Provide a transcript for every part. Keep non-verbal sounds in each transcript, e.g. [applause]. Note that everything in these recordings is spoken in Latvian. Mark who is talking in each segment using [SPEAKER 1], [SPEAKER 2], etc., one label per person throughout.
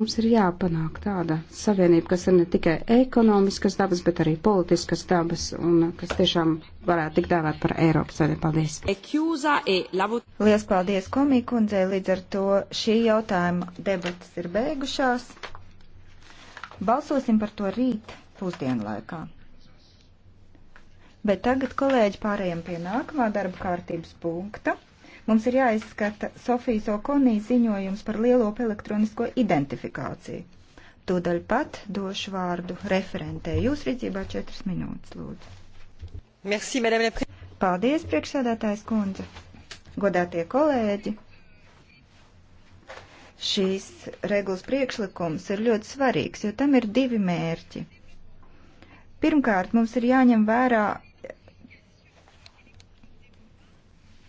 [SPEAKER 1] Mums ir jāpanāk tāda savienība, kas ir ne tikai ekonomiskas dabas, bet arī politiskas dabas un kas tiešām varētu tikt dēvēt par Eiropas daļu. Paldies!
[SPEAKER 2] E Lielas paldies komiju kundzei, līdz ar to šī jautājuma debatas ir beigušās. Balsosim par to rīt pusdienu laikā. Bet tagad, kolēģi, pārējiem pie nākamā darba kārtības punkta. Mums ir jāizskata Sofijas Okonī ziņojums par lielo elektronisko identifikāciju. Tūdaļ pat došu vārdu referentē. Jūs rīcībā četras minūtes,
[SPEAKER 3] lūdzu. Merci, madame.
[SPEAKER 2] Paldies, priekšsēdētājs kundze. Godātie kolēģi. Šīs regulas priekšlikums ir ļoti svarīgs, jo tam ir divi mērķi. Pirmkārt, mums ir jāņem vērā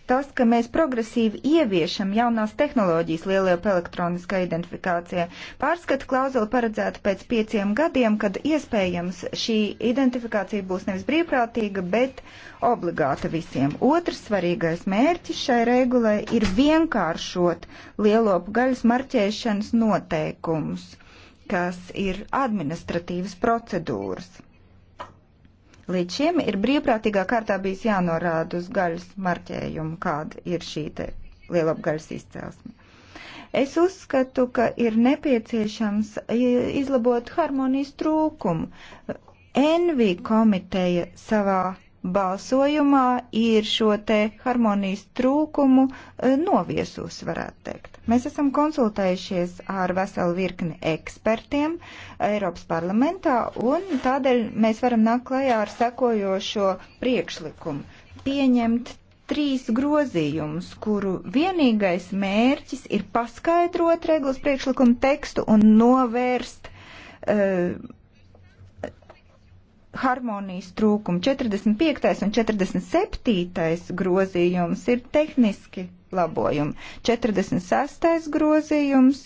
[SPEAKER 2] tas, ka mēs progresīvi ieviešam jaunās tehnoloģijas lielajā elektroniskā identifikācijā. Pārskata klauzula paredzēta pēc pieciem gadiem, kad iespējams šī identifikācija būs nevis brīvprātīga, bet obligāta visiem. Otrs svarīgais mērķis šai regulai ir vienkāršot lielopu gaļas marķēšanas noteikumus, kas ir administratīvas procedūras. Līdz šim ir brīvprātīgā kārtā bijis jānorāda uz gaļas marķējumu, kāda ir šī te lielapgaļas izcelsme. Es uzskatu, ka ir nepieciešams izlabot harmonijas trūkumu. Envi komiteja savā balsojumā ir šo te harmonijas trūkumu eh, noviesus, varētu teikt. Mēs esam konsultējušies ar veselu virkni ekspertiem eh, Eiropas parlamentā, un tādēļ mēs varam nākt klajā ar sekojošo priekšlikumu pieņemt trīs grozījumus, kuru vienīgais mērķis ir paskaidrot regulas priekšlikumu tekstu un novērst uh, harmonijas trūkumu. 45. un 47. grozījums ir tehniski labojumi. 46. grozījums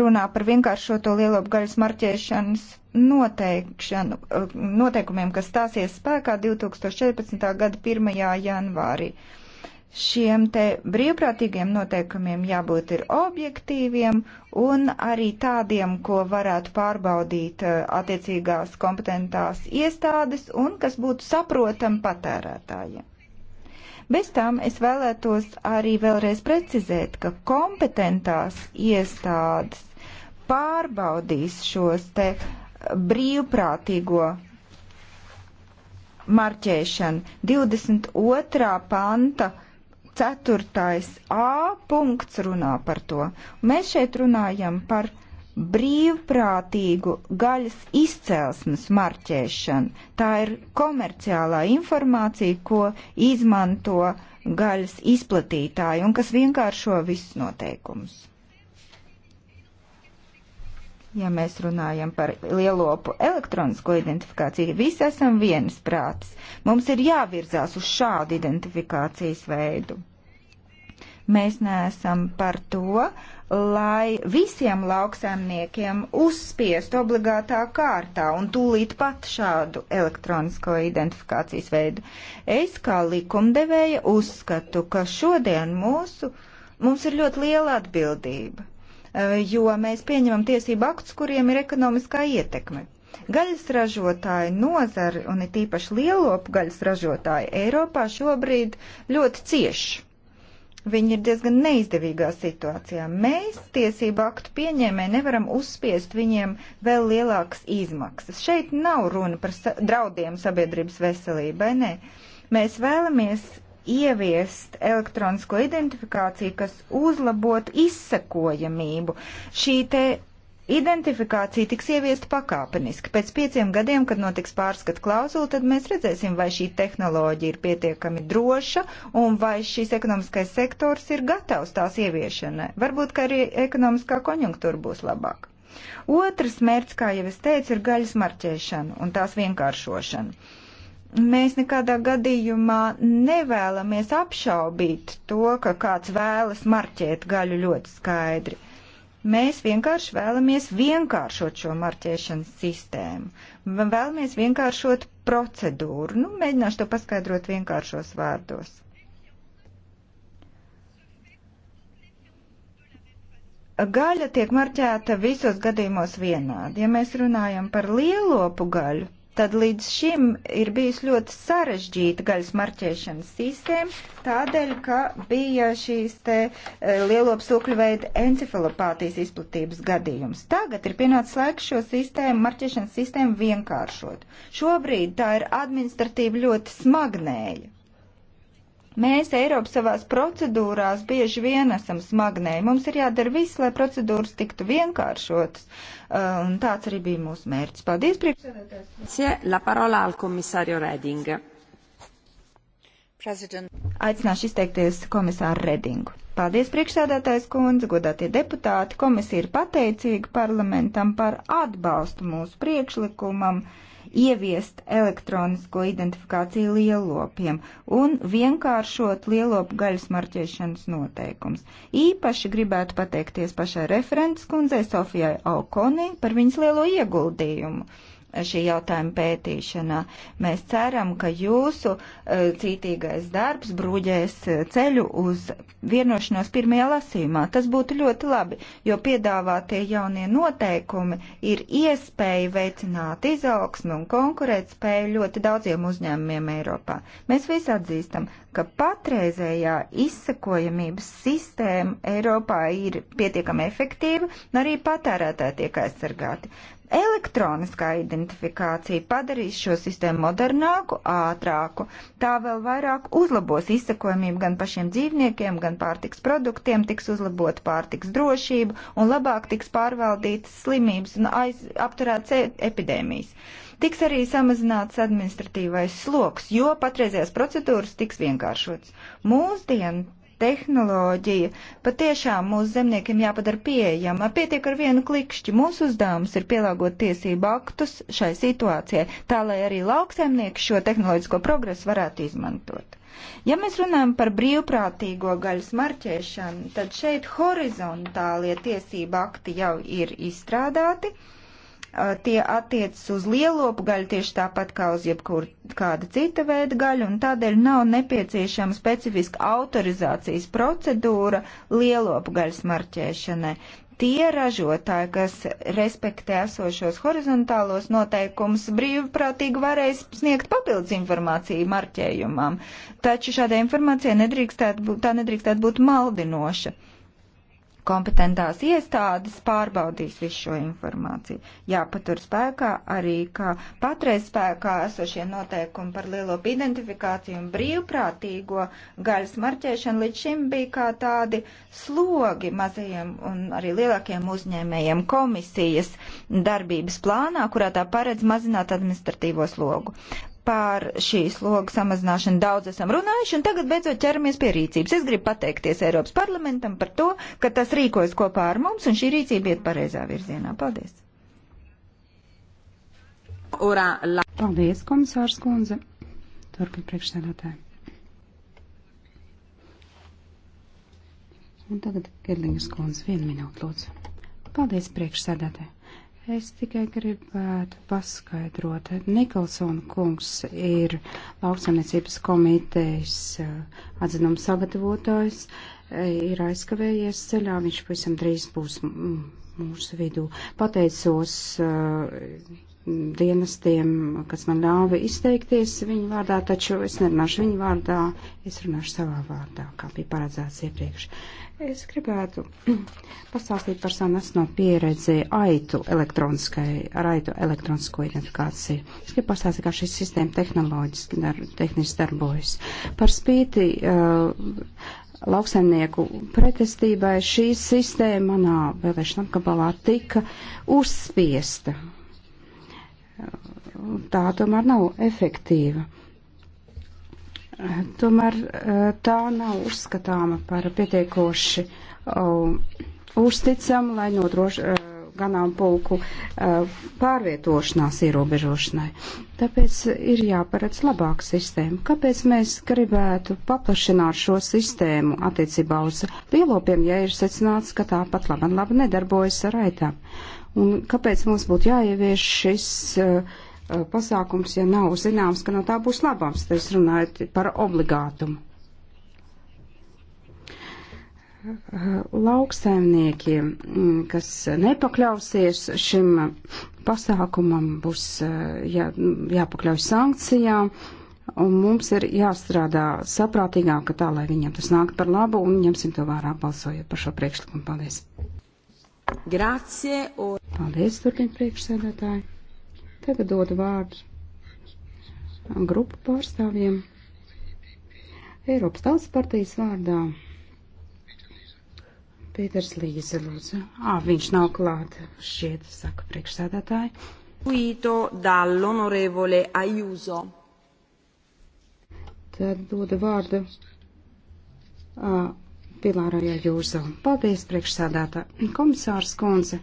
[SPEAKER 2] runā par vienkāršoto lielopgaļas marķēšanas eh, noteikumiem, kas stāsies spēkā 2014. gada 1. janvārī šiem te brīvprātīgiem noteikumiem jābūt ir objektīviem un arī tādiem, ko varētu pārbaudīt eh, attiecīgās kompetentās iestādes un kas būtu saprotam patērētājiem. Bez tam es vēlētos arī vēlreiz precizēt, ka kompetentās iestādes pārbaudīs šos te brīvprātīgo marķēšanu 22. panta Ceturtais A punkts runā par to. Mēs šeit runājam par brīvprātīgu gaļas izcelsmes marķēšanu. Tā ir komerciālā informācija, ko izmanto gaļas izplatītāji un kas vienkāršo visus noteikumus. Ja mēs runājam par lielopu elektronisko identifikāciju, visi esam vienas prātas. Mums ir jāvirzās uz šādu identifikācijas veidu. Mēs neesam par to, lai visiem lauksaimniekiem uzspiest obligātā kārtā un tūlīt pat šādu elektronisko identifikācijas veidu. Es kā likumdevēja uzskatu, ka šodien mūsu, mums ir ļoti liela atbildība, eh, jo mēs pieņemam tiesību aktus, kuriem ir ekonomiskā ietekme. Gaļas ražotāji nozari un it īpaši lielopu gaļas ražotāji Eiropā šobrīd ļoti cieši Viņi ir diezgan neizdevīgā situācijā. Mēs tiesību aktu pieņēmē nevaram uzspiest viņiem vēl lielākas izmaksas. Šeit nav runa par sa draudiem sabiedrības veselībai, nē. Mēs vēlamies ieviest elektronisko identifikāciju, kas uzlabotu izsekojamību. Šī te Identifikācija tiks ieviesta pakāpeniski. Pēc pieciem gadiem, kad notiks pārskata klauzula, tad mēs redzēsim, vai šī tehnoloģija ir pietiekami droša un vai šis ekonomiskais sektors ir gatavs tās ieviešanai. Varbūt, ka arī ekonomiskā konjunktūra būs labāka. Otrs mērķis, kā jau es teicu, ir gaļas marķēšana un tās vienkāršošana mēs nekādā gadījumā nevēlamies apšaubīt to, ka kāds vēlas marķēt gaļu ļoti skaidri. Mēs vienkārši vēlamies vienkāršot šo marķēšanas sistēmu. Vēlamies vienkāršot procedūru. Nu, mēģināšu to paskaidrot vienkāršos vārdos. gaļa tiek marķēta visos gadījumos vienādi. Ja mēs runājam par lielopu gaļu, tad līdz šim ir bijusi ļoti sarežģīta gaļas marķēšanas sistēma, tādēļ, ka bija šīs te e, lielopsūkļu veida encefalopātijas izplatības gadījums. Tagad ir pienācis laiks šo sistēmu, marķēšanas sistēmu vienkāršot. Šobrīd tā ir administratīvi ļoti smagnēja. Mēs Eiropas savās procedūrās bieži vien esam smagnēji. Mums ir jādara viss, lai procedūras tiktu vienkāršotas. Uh, un tāds arī bija mūsu mērķis. Paldies, priekšsēdētājs. Aicināšu izteikties komisāru Redingu. Paldies, priekšsēdētājs kundze, godātie deputāti. Komisija ir pateicīga parlamentam par atbalstu mūsu priekšlikumam. Uh, ieviest elektronisko identifikāciju lielopiem un vienkāršot lielopu gaļas marķēšanas noteikums. Īpaši gribētu pateikties pašai referents kundzei Sofijai Aukonī par viņas lielo ieguldījumu šī jautājuma pētīšanā. Mēs ceram, ka jūsu e, cītīgais darbs brūģēs ceļu uz vienošanos pirmajā lasījumā. Tas būtu ļoti labi, jo piedāvātie jaunie noteikumi ir iespēja veicināt izaugsmu un konkurēt spēju ļoti daudziem uzņēmumiem Eiropā. Mēs visi atzīstam, ka patreizējā izsakojamības sistēma Eiropā ir pietiekami efektīva un arī patērētāji tiek aizsargāti. Elektroniskā identifikācija padarīs šo sistēmu modernāku, ātrāku. Tā vēl vairāk uzlabos izsekojamību gan pašiem dzīvniekiem, gan pārtiks produktiem, tiks uzlabot pārtiks drošību un labāk tiks pārvaldītas slimības un aiz, apturēts e, epidēmijas. Tiks arī samazināts administratīvais sloks, jo patreizējās procedūras tiks vienkāršotas. Mūsdien tehnoloģija patiešām mūsu zemniekiem jāpadara pieejama. Pietiek ar vienu klikšķi. Mūsu uzdevums ir pielāgot tiesību aktus šai situācijai, tā lai arī lauksaimnieki šo tehnoloģisko progresu varētu izmantot. Ja mēs runājam par brīvprātīgo gaļas marķēšanu, tad šeit horizontālie tiesība akti jau ir izstrādāti. Uh, tie attiecas uz lielopu gaļu tieši tāpat kā uz jebkuru kāda cita veida gaļu, un tādēļ nav nepieciešama specifiska autorizācijas procedūra lielopu gaļas marķēšanai. Tie ražotāji, kas respektē esošos horizontālos noteikumus, brīvprātīgi varēs sniegt papildus informāciju marķējumam, taču šādai informācijai nedrīkstētu būt, tā nedrīkstētu būt maldinoša kompetentās iestādes pārbaudīs visu šo informāciju. Jāpatur spēkā arī, ka patreiz spēkā esošie noteikumi par lielopu identifikāciju un brīvprātīgo gaļas marķēšanu līdz šim bija kā tādi slogi mazajiem un arī lielākiem uzņēmējiem komisijas darbības plānā, kurā tā paredz mazināt administratīvo slogu par šīs logas samazināšanu daudz esam runājuši, un tagad beidzot ķeramies pie rīcības. Es gribu pateikties Eiropas parlamentam par to, ka tas rīkojas kopā ar mums, un šī rīcība iet pareizā virzienā. Paldies!
[SPEAKER 1] Urā, la... Paldies, komisārs kundze! Turpin priekšsēdētāji. Un tagad Gerlingas kundze, vienu minūtu lūdzu. Paldies, priekšsēdētāji! Es tikai gribētu paskaidrot. Nikolsona kungs ir lauksaimniecības komitejas eh, atzinums sagatavotājs, eh, ir aizkavējies ceļā, viņš pavisam drīz būs mūsu vidū. Pateicos uh, dienestiem, kas man ļāva izteikties viņu vārdā, taču es nerunāšu viņu vārdā, es runāšu savā vārdā, kā bija paredzēts iepriekš. Es gribētu [clears throat] pastāstīt par savu nesno pieredzi aitu elektroniskai, ar aitu elektronisko identifikāciju. Es gribu pastāstīt, kā šī sistēma tehnoloģiski, dar, tehniski darbojas. Par spīti uh, lauksaimnieku pretestībai šī sistēma manā vēlēšana apgabalā tika uzspiesta tā tomēr nav efektīva. Tomēr eh, tā nav uzskatāma par pietiekoši eh, uzticama, lai nodrošinātu eh, ganāmpulku pārvietošanās ierobežošanai. Tāpēc ir jāparedz labāka sistēma. Kāpēc mēs gribētu paplašināt šo sistēmu attiecībā uz lielopiem, ja ir secināts, ka tā pat labi, labi nedarbojas ar aitām? Un kāpēc mums būtu jāievieš šis uh, Eh, pasākums, ja nav zināms, ka no tā būs labums. Tad es runāju par obligātumu. Eh, lauksaimniekiem, mm, kas nepakļausies šim pasākumam, būs eh, jā, jāpakļauj sankcijām, un mums ir jāstrādā saprātīgāk, tā, lai viņiem tas nāk par labu, un ņemsim to vērā balsojot par šo priekšlikumu. Paldies! Grācie! Un... Paldies, turpin priekšsēdētāji! Tagad dodu vārdu grupu pārstāvjiem. Eiropas Tautas partijas vārdā. Pēters Līze, lūdzu. Ā, viņš nav klāt, šķiet, saka priekšsēdētāji. Uito dall'onorevole Ajuso. Tad dodu vārdu uh, Pilārai Ajuso. Paldies, priekšsēdētāji. Komisārs Konze.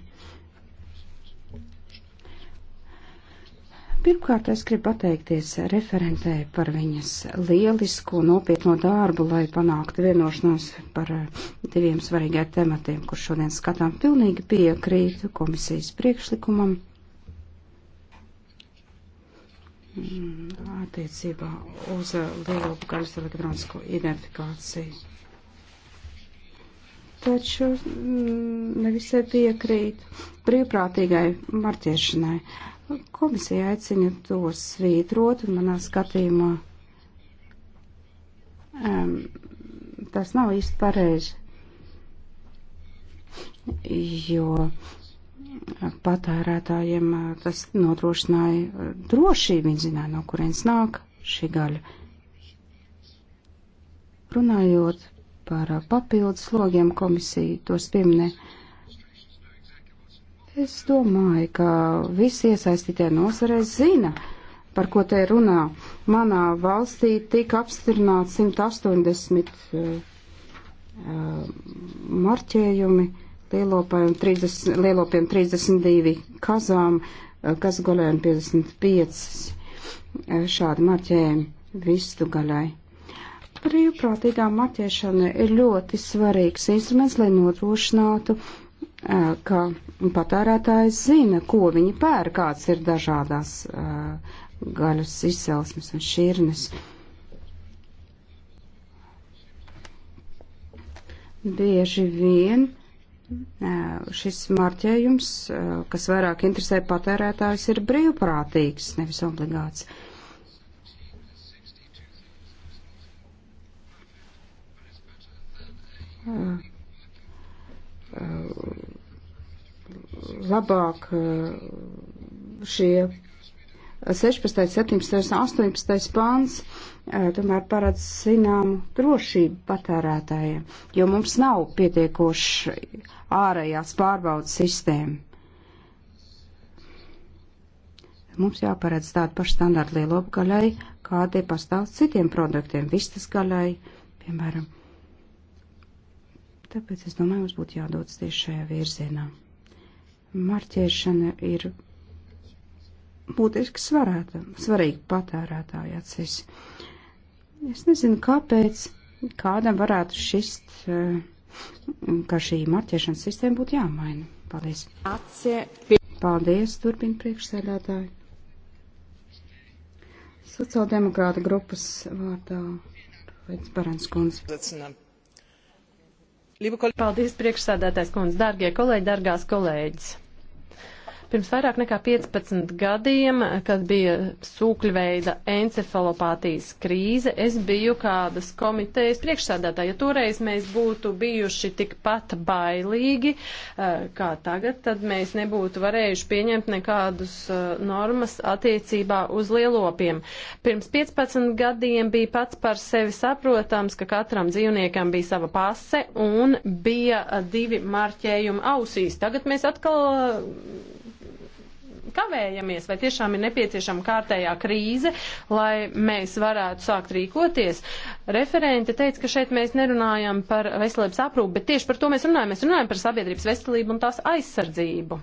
[SPEAKER 1] Pirmkārt, es gribu pateikties referentē par viņas lielisko nopietno darbu, lai panāktu vienošanos par eh, diviem svarīgiem tematiem, kur šodien skatām pilnīgi piekrītu komisijas priekšlikumam mm, attiecībā uz eh, lielu gaļas elektronisko identifikāciju. Taču mm, nevisai piekrīt brīvprātīgai marķiešanai. Uh, Komisija aicina to svītrot, un manā skatījumā um, tas nav īsti pareizi, jo patērētājiem eh, tas nodrošināja eh, drošību, viņi zināja, no kurienes nāk šī gaļa. Runājot par papildus slogiem, komisija tos pieminē. Uh, Es domāju, ka visi iesaistītie nozarē zina, par ko te runā. Manā valstī tika apstiprināts 180 uh, eh, eh, marķējumi lielopiem 30, lielopiem 32 kazām, eh, kazgaļēm 55 šādi marķējumi vistu gaļai. Brīvprātīgā marķēšana ir ļoti svarīgs instruments, lai nodrošinātu uh, ka patērētājs zina, ko viņi pēr, kāds ir dažādās uh, gaļas izcelsmes un šķirnes. Bieži vien uh, šis marķējums, uh, kas vairāk interesē patērētājs, ir brīvprātīgs, nevis obligāts. Uh, uh, labāk eh, šie 16, 17, 18 pāns tomēr parāda zināmu drošību patērētājiem, jo mums nav pietiekoši ārējās pārbaudas sistēma. Mums jāparedz tādu pašu standartu lielopgaļai, kādi pastāv citiem produktiem, vistas gaļai, piemēram. Tāpēc es domāju, mums būtu jādodas tieši šajā virzienā marķēšana ir būtiski svarēta, svarīga patērētāja acīs. Es nezinu, kāpēc kādam varētu šist, eh, ka šī marķēšanas sistēma būtu jāmaina. Paldies. Paldies, turpina priekšsēdētāji. Sociāldemokrāta grupas vārdā Pēc Barans kundze.
[SPEAKER 3] Paldies, priekšsēdētājs kundze, dārgie kolēģi, dārgās kolēģis. Pirms vairāk nekā 15 gadiem, kad bija sūkļveida encefalopātijas krīze, es biju kādas komitejas priekšsādātāja. Ja toreiz mēs būtu bijuši tikpat bailīgi eh, kā tagad, tad mēs nebūtu varējuši pieņemt nekādus eh, normas attiecībā uz lielopiem. Pirms 15 gadiem bija pats par sevi saprotams, ka katram dzīvniekam bija sava pase un bija eh, divi marķējumi ausīs. Tagad mēs atkal kavējamies, vai tiešām ir nepieciešama kārtējā krīze, lai mēs varētu sākt rīkoties. Referente teica, ka šeit mēs nerunājam par veselības aprūpu, bet tieši par to mēs runājam. Mēs runājam par sabiedrības veselību un tās aizsardzību.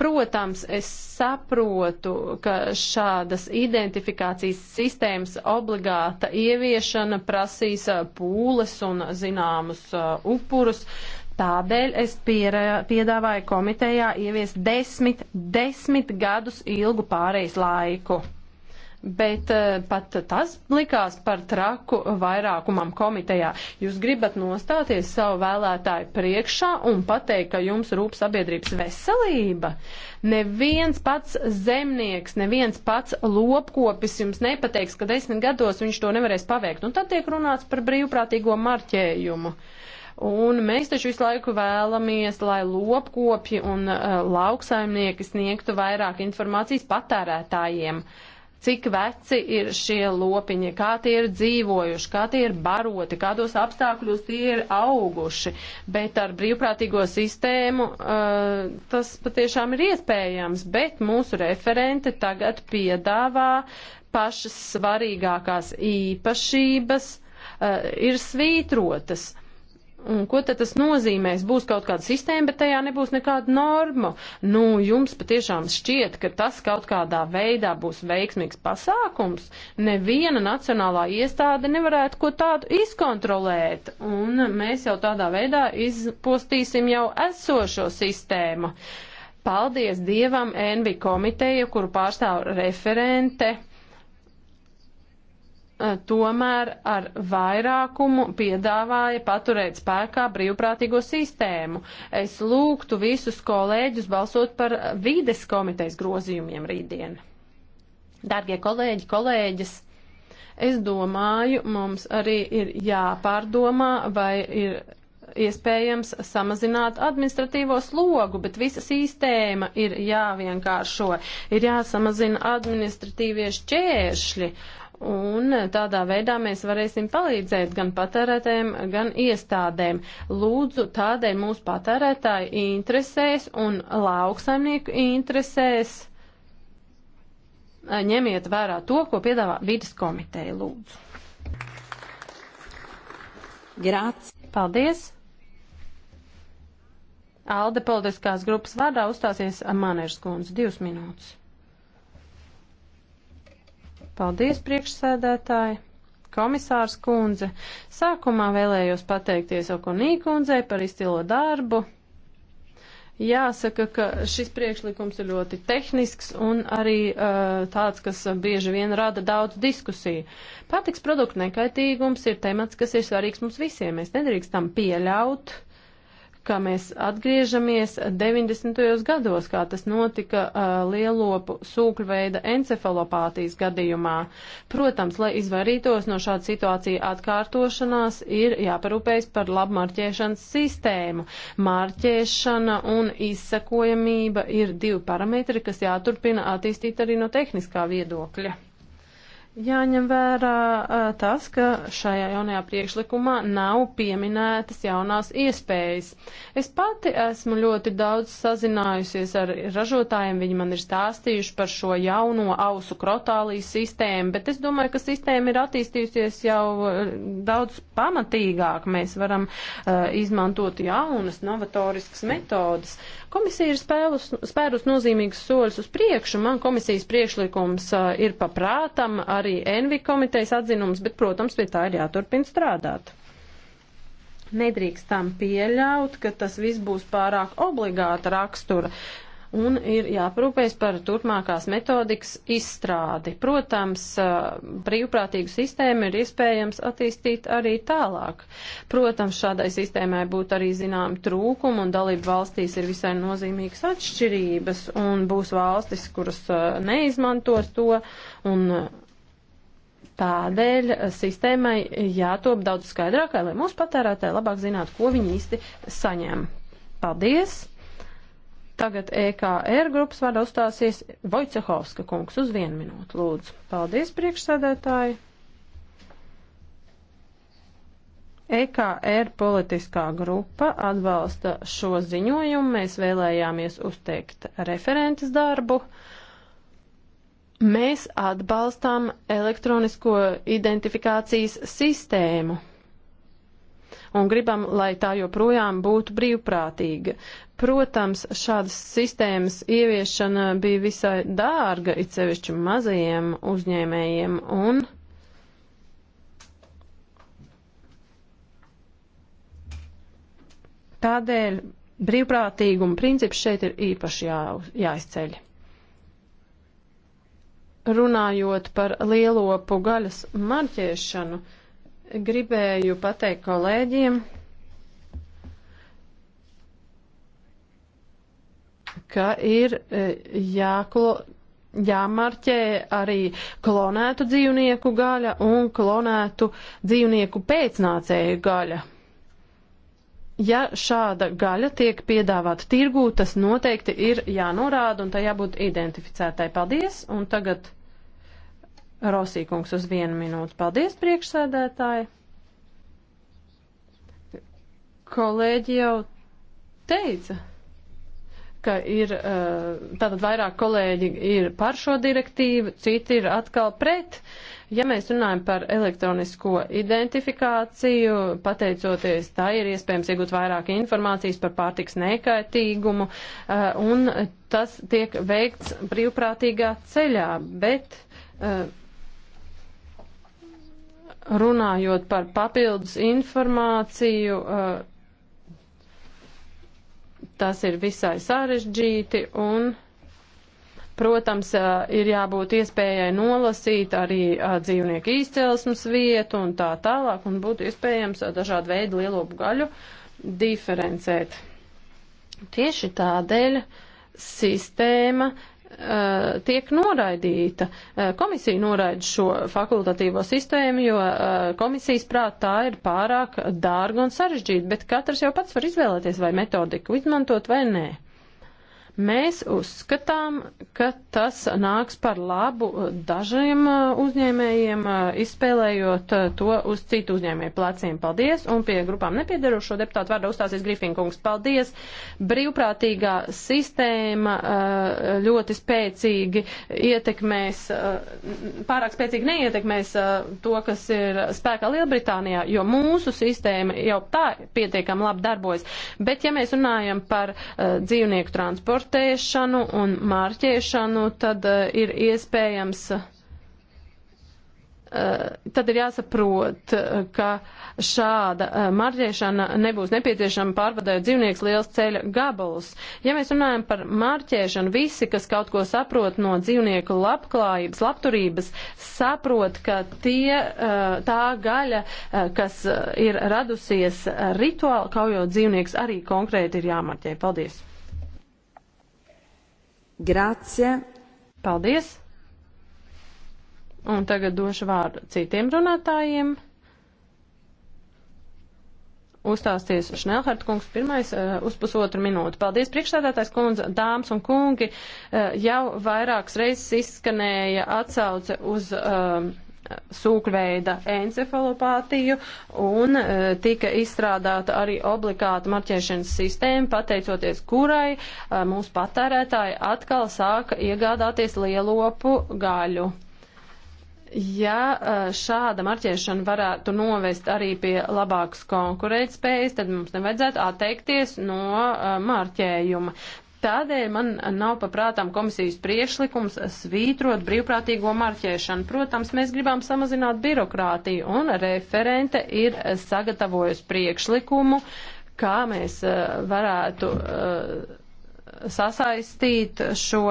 [SPEAKER 3] Protams, es saprotu, ka šādas identifikācijas sistēmas obligāta ieviešana prasīs uh, pūles un zināmus uh, upurus. Uh, Tādēļ es piedāvāju komitejā ieviest desmit, desmit gadus ilgu pārejas laiku. Bet eh, pat tas likās par traku vairākumam komitejā. Jūs gribat nostāties savu vēlētāju priekšā un pateikt, ka jums rūp sabiedrības veselība? Neviens pats zemnieks, neviens pats lopkopis jums nepateiks, ka desmit gados viņš to nevarēs paveikt. Un tad tiek runāts par brīvprātīgo marķējumu. Uh, Un mēs taču visu laiku vēlamies, lai lopkopji un uh, lauksaimnieki sniegtu vairāk informācijas patērētājiem. Cik veci ir šie lopiņi, kā tie ir dzīvojuši, kā tie ir baroti, kādos apstākļos tie ir auguši. Bet ar brīvprātīgo sistēmu uh, tas patiešām ir iespējams. Bet mūsu referente tagad piedāvā pašas svarīgākās īpašības uh, ir svītrotas Un ko tad tas nozīmēs? Būs kaut kāda sistēma, bet tajā nebūs nekāda norma. Nu, jums patiešām šķiet, ka tas kaut kādā veidā būs veiksmīgs pasākums. Neviena nacionālā iestāde nevarētu ko tādu izkontrolēt. Un mēs jau tādā veidā izpostīsim jau esošo sistēmu. Paldies Dievam, Envi komiteja, kuru pārstāv referente Eh, tomēr ar vairākumu piedāvāja paturēt spēkā brīvprātīgo sistēmu. Es lūgtu visus kolēģus balsot par vides komitejas grozījumiem rītdien. Dargie kolēģi, kolēģis! Es domāju, mums arī ir jāpārdomā, vai ir iespējams samazināt administratīvo slogu, bet visa sistēma ir jāvienkāršo, ir jāsamazina administratīvie šķēršļi, un tādā veidā mēs varēsim palīdzēt gan patērētēm, gan iestādēm. Lūdzu, tādēļ mūsu patērētāji interesēs un lauksaimnieku interesēs ņemiet vērā to, ko piedāvā vidas komiteja, lūdzu. Grāts. Paldies. Alde politiskās grupas vārdā uzstāsies Manežs kundze. Divas minūtes. Paldies, priekšsēdētāji! Komisārs kundze, sākumā vēlējos pateikties Okonī kundzei par izcilo darbu. Jāsaka, ka šis priekšlikums ir ļoti tehnisks un arī uh, tāds, kas bieži vien rada daudz diskusiju. Patiks produktu nekaitīgums ir temats, kas ir svarīgs mums visiem. Mēs nedrīkstam pieļaut uh, ka mēs atgriežamies 90. gados, kā tas notika uh, lielopu sūkļveida encefalopātijas gadījumā. Protams, lai izvairītos no šāda situācija atkārtošanās, ir jāparūpējas par labu marķēšanas sistēmu. Marķēšana un izsakojamība ir divi parametri, kas jāturpina attīstīt arī no tehniskā viedokļa. Jāņem vērā tas, ka šajā jaunajā priekšlikumā nav pieminētas jaunās iespējas. Es pati esmu ļoti daudz sazinājusies ar ražotājiem, viņi man ir stāstījuši par šo jauno ausu krotālijas sistēmu, bet es domāju, ka sistēma ir attīstījusies jau daudz pamatīgāk. Mēs varam uh, izmantot jaunas, novatoriskas metodas. Uh, Komisija ir spēlus, spērus nozīmīgus soļus uz priekšu. Man komisijas priekšlikums uh, ir paprātam, arī Envi komitejas atzinums, bet, protams, pie tā ir jāturpina strādāt. Nedrīkstam pieļaut, ka tas viss būs pārāk obligāta rakstura. Uh, un ir jāparūpēs par turpmākās metodikas izstrādi. Protams, brīvprātīgu sistēmu ir iespējams attīstīt arī tālāk. Protams, šādai sistēmai būtu arī zināmi trūkumi, un dalību valstīs ir visai nozīmīgas atšķirības, un būs valstis, kuras neizmantos to, un tādēļ sistēmai jātop daudz skaidrākai, lai mūsu patērētāji labāk zinātu, ko viņi īsti saņem. Paldies! Tagad EKR grupas vārdā uzstāsies Vojcehovska kungs uz vienu minūtu, lūdzu. Paldies, priekšsēdētāji. EKR politiskā grupa atbalsta šo ziņojumu. Mēs vēlējāmies uzteikt referentes darbu. Mēs atbalstām elektronisko identifikācijas sistēmu un gribam, lai tā joprojām būtu brīvprātīga. Protams, šādas sistēmas ieviešana bija visai dārga, it sevišķi mazajiem uzņēmējiem, un tādēļ brīvprātīguma princips šeit ir īpaši jā, jāizceļ runājot par lielopu gaļas marķēšanu, gribēju pateikt kolēģiem, ka ir e, jāklo, jāmarķē arī klonētu dzīvnieku gaļa un klonētu dzīvnieku pēcnācēju gaļa. Ja šāda gaļa tiek piedāvāta tirgū, tas noteikti ir jānorāda un tā jābūt identificētai. Paldies! Un tagad Rosīkungs uz vienu minūti. Paldies, priekšsēdētāji! Kolēģi jau teica ka ir eh, tātad vairāk kolēģi ir par šo direktīvu, citi ir atkal pret. Ja mēs runājam par elektronisko identifikāciju, pateicoties tā ir iespējams iegūt vairāk informācijas par pārtiks nekaitīgumu, eh, un tas tiek veikts brīvprātīgā ceļā, bet eh, runājot par papildus informāciju, tas ir visai sarežģīti un. Protams, ir jābūt iespējai nolasīt arī dzīvnieku izcelsmes vietu un tā tālāk, un būtu iespējams dažādu veidu lielopu gaļu diferencēt. Tieši tādēļ sistēma uh, uh, tiek noraidīta. Uh, komisija noraida šo fakultatīvo sistēmu, jo uh, komisijas prāt tā ir pārāk dārga un sarežģīta, bet katrs jau pats var izvēlēties, vai metodiku izmantot vai nē. Mēs uzskatām, ka tas nāks par labu dažiem uh, uzņēmējiem, uh, izspēlējot uh, to uz citu uzņēmēju pleciem. Paldies! Un pie grupām nepiedarošo deputātu vārdu uzstāsies Grifinkungs. Paldies! Brīvprātīgā sistēma ļoti spēcīgi ietekmēs, pārāk spēcīgi neietekmēs to, kas ir spēkā Lielbritānijā, jo mūsu sistēma jau tā pietiekam labi darbojas. Bet, ja mēs runājam par dzīvnieku transportu, importēšanu un mārķēšanu, tad uh, ir iespējams eh, tad ir jāsaprot, eh, ka šāda marķēšana nebūs nepieciešama pārvadājot dzīvnieks liels ceļa gabalus. Ja mēs runājam par marķēšanu, visi, kas kaut ko saprot no dzīvnieku labklājības, labturības, saprot, ka tie, tā gaļa, kas ir radusies rituāli, kaujot dzīvnieks, arī konkrēti ir jāmarķē. Paldies! Grācie. Paldies. Un tagad došu vārdu citiem runātājiem. Uzstāsties Šnelhart kungs pirmais uh, uz pusotru minūtu. Paldies, priekšsēdētājs kundze, dāmas un kungi. Uh, jau vairākas reizes izskanēja atsauce uz. Uh, sūkveida encefalopātiju un e, tika izstrādāta arī obligāta marķēšanas sistēma, pateicoties kurai e, mūsu patērētāji atkal sāka iegādāties lielopu gaļu. Ja e, šāda marķēšana varētu novest arī pie labākas konkurētspējas, tad mums nevajadzētu atteikties no e, marķējuma. Tādēļ man nav paprātām komisijas priešlikums svītrot brīvprātīgo marķēšanu. Protams, mēs gribam samazināt birokrātiju, un referente ir sagatavojusi priekšlikumu, kā mēs eh, varētu eh, sasaistīt šo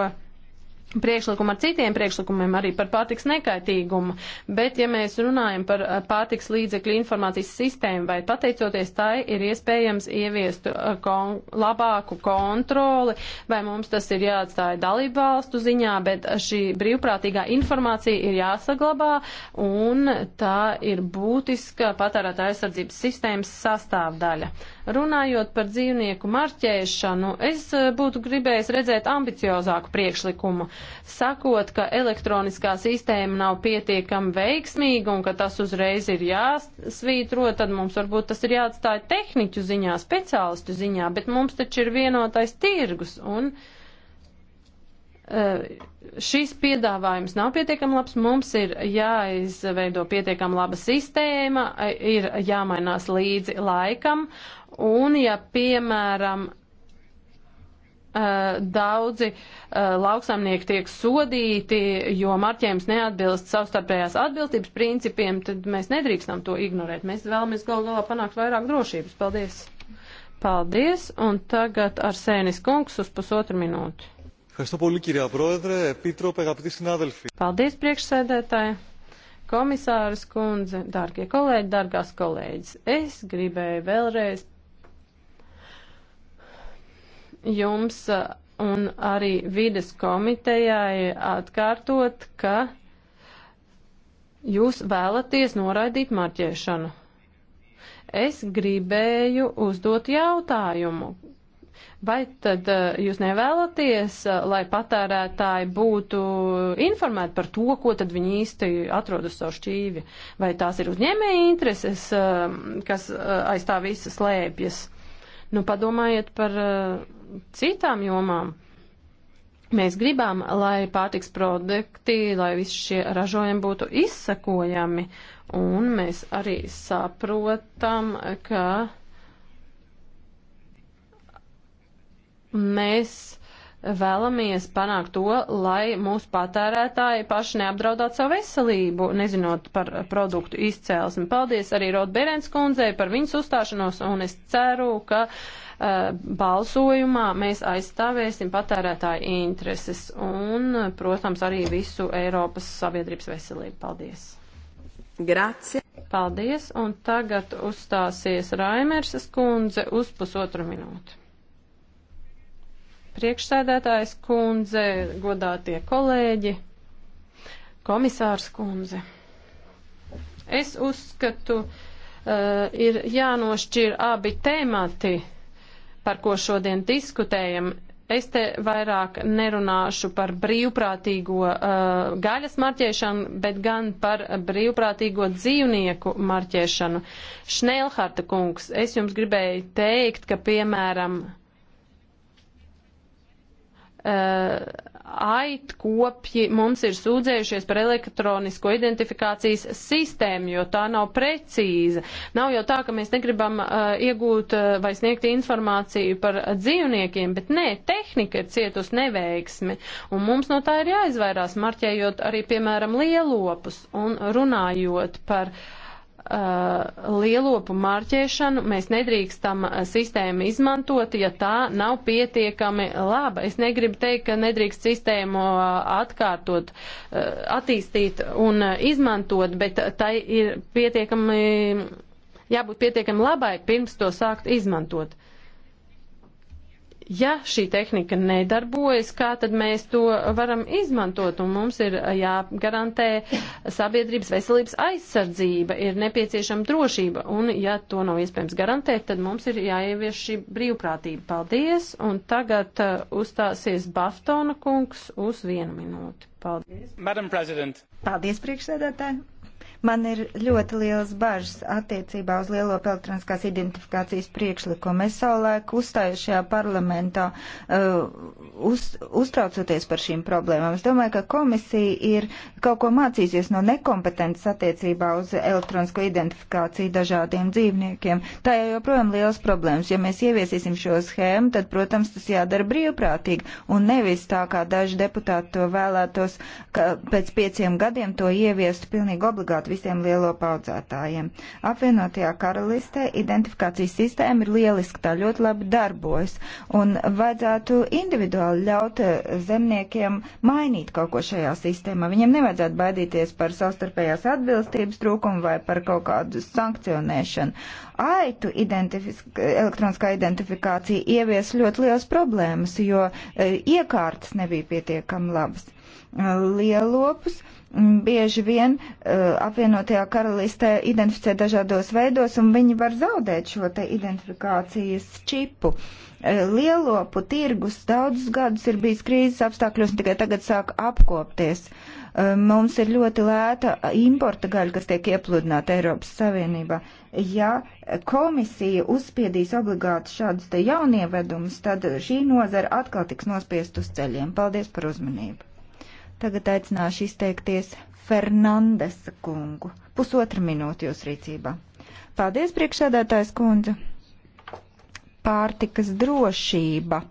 [SPEAKER 3] priekšlikumu ar citiem priekšlikumiem arī par pārtiks nekaitīgumu, bet ja mēs runājam par eh, pārtiks līdzekļu informācijas sistēmu vai pateicoties tai ir iespējams ieviest eh, kon labāku kontroli, vai mums tas ir jāatstāja dalību valstu ziņā, bet šī brīvprātīgā informācija ir jāsaglabā un tā ir būtiska patērētāja aizsardzības sistēmas sastāvdaļa. Runājot par dzīvnieku marķēšanu, es eh, būtu gribējis redzēt ambiciozāku priekšlikumu, sakot, ka elektroniskā sistēma nav pietiekami veiksmīga un ka tas uzreiz ir jāsvītro, tad mums varbūt tas ir jāatstāja tehniķu ziņā, speciālistu ziņā, bet mums taču ir vienotais tirgus un. Uh, Eh, šis piedāvājums nav pietiekami labs, mums ir jāizveido pietiekami laba sistēma, eh, ir jāmainās līdzi laikam, un ja, piemēram, eh, daudzi lauksaimnieki tiek sodīti, jo marķējums neatbilst savstarpējās atbilstības principiem, tad mēs nedrīkstam to ignorēt. Mēs vēlamies gal galā panākt vairāk drošības. Paldies! Paldies, un tagad ar sēnis kungs uz pusotru minūti.
[SPEAKER 2] Paldies,
[SPEAKER 3] priekšsēdētāji! Komisāras kundze, dārgie kolēģi, dārgās kolēģis, es gribēju vēlreiz jums un arī vides komitejai atkārtot, ka jūs vēlaties noraidīt marķēšanu. Es gribēju uzdot jautājumu, Vai tad eh, jūs nevēlaties, eh, lai patērētāji būtu informēti par to, ko tad viņi īsti atrod uz savu šķīvi? Vai tās ir uzņēmēja intereses, eh, kas aiz tā visa slēpjas? Nu, padomājiet par citām jomām. Mēs gribam, lai pārtiks produkti, lai visi šie ražojumi būtu izsakojami, un mēs arī saprotam, ka mēs vēlamies panākt to, lai mūsu patērētāji paši neapdraudātu savu veselību, nezinot par produktu izcēlesmi. Paldies arī Rotberens kundzei par viņas uzstāšanos, un es ceru, ka uh, balsojumā mēs aizstāvēsim patērētāju intereses un, protams, arī visu Eiropas sabiedrības veselību. Paldies! Grazie! Paldies, un tagad uzstāsies Raimersas kundze uz pusotru minūti. Priekšsēdētājs kundze, godātie kolēģi, komisārs kundze. Es uzskatu, uh, ir jānošķir abi temati, par ko šodien diskutējam. Es te vairāk nerunāšu par brīvprātīgo uh, gaļas marķēšanu, bet gan par brīvprātīgo dzīvnieku marķēšanu. Šnelharta kungs, es jums gribēju teikt, ka piemēram Eh, aitkopji mums ir sūdzējušies par elektronisko identifikācijas sistēmu, jo tā nav precīza. Nav jau tā, ka mēs negribam uh, iegūt uh, vai sniegt informāciju par dzīvniekiem, bet nē, tehnika ir cietus neveiksmi, un mums no tā ir jāizvairās, marķējot arī, piemēram, lielopus un runājot par uh, Uh, lielopu marķēšanu mēs nedrīkstam uh, sistēmu izmantot, ja tā nav pietiekami laba. Es negribu teikt, ka nedrīkst sistēmu uh, atkārtot, attīstīt un izmantot, bet tai ir pietiekami, jābūt pietiekami labai pirms to sākt izmantot. Ja šī tehnika nedarbojas, kā tad mēs to varam izmantot? Un mums ir jāgarantē sabiedrības veselības aizsardzība, ir nepieciešama drošība. Un ja to nav iespējams garantēt, tad mums ir jāievieš šī brīvprātība. Paldies! Un tagad uh, uzstāsies Baftona kungs uz vienu minūti. Paldies! Paldies,
[SPEAKER 2] priekšsēdētāji! Man ir ļoti liels bažas attiecībā uz lielo elektroniskās identifikācijas priekšlikumu. Es savulaik uzstāju šajā parlamentā, uh, uz, uztraucoties par šīm problēmām. Es domāju, ka komisija ir kaut ko mācījusies no nekompetences attiecībā uz elektronisko identifikāciju dažādiem dzīvniekiem. Tā jau joprojām liels problēmas. Ja mēs ieviesīsim šo schēmu, tad, protams, tas jādara brīvprātīgi un nevis tā, kā daži deputāti to vēlētos, ka pēc pieciem gadiem to ieviestu pilnīgi obligāti visiem lielo paudzētājiem. Apvienotajā karalistē identifikācijas sistēma ir lieliska, tā ļoti labi darbojas, un vajadzētu individuāli ļaut eh, zemniekiem mainīt kaut ko šajā sistēmā. Viņiem nevajadzētu baidīties par savstarpējās atbilstības trūkumu vai par kaut kādu sankcionēšanu. Aitu identif elektroniskā identifikācija ievies ļoti liels problēmas, jo eh, iekārtas nebija pietiekami labas. Lielopus bieži vien uh, apvienotajā karalistē identificē dažādos veidos, un viņi var zaudēt šo te identifikācijas čipu. Uh, lielopu tirgus daudzus gadus ir bijis krīzes apstākļos, un tikai tagad sāk apkopties. Uh, mums ir ļoti lēta importa gaļa, kas tiek iepludināta Eiropas Savienībā. Ja komisija uzspiedīs obligāti šādus te jaunievedumus, tad šī nozara atkal tiks nospiest uz ceļiem. Paldies par uzmanību! Tagad aicināšu izteikties Fernandesa kungu. Pusotra minūte jūs rīcībā. Paldies, priekšsēdētājs kundze. Pārtikas drošība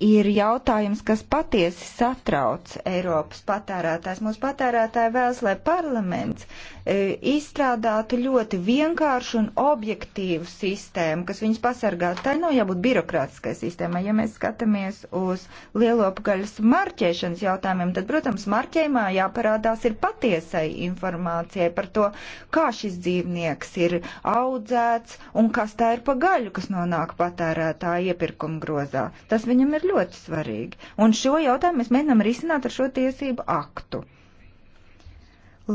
[SPEAKER 2] ir jautājums, kas patiesi satrauc Eiropas patērētājs. Mūsu patērētāji vēlas, lai parlaments e, izstrādātu ļoti vienkāršu un objektīvu sistēmu, kas viņus pasargātu. Tā nav jābūt birokrātiskai sistēmai. Ja mēs skatāmies uz lielopgaļas marķēšanas jautājumiem, tad, protams, marķējumā jāparādās ir patiesai informācijai par to, kā šis dzīvnieks ir audzēts un kas tā ir pa gaļu, kas nonāk patērētāja iepirkuma grozā. Tas viņam ir ir ļoti svarīgi. Un šo jautājumu mēs mēģinām risināt ar šo tiesību aktu.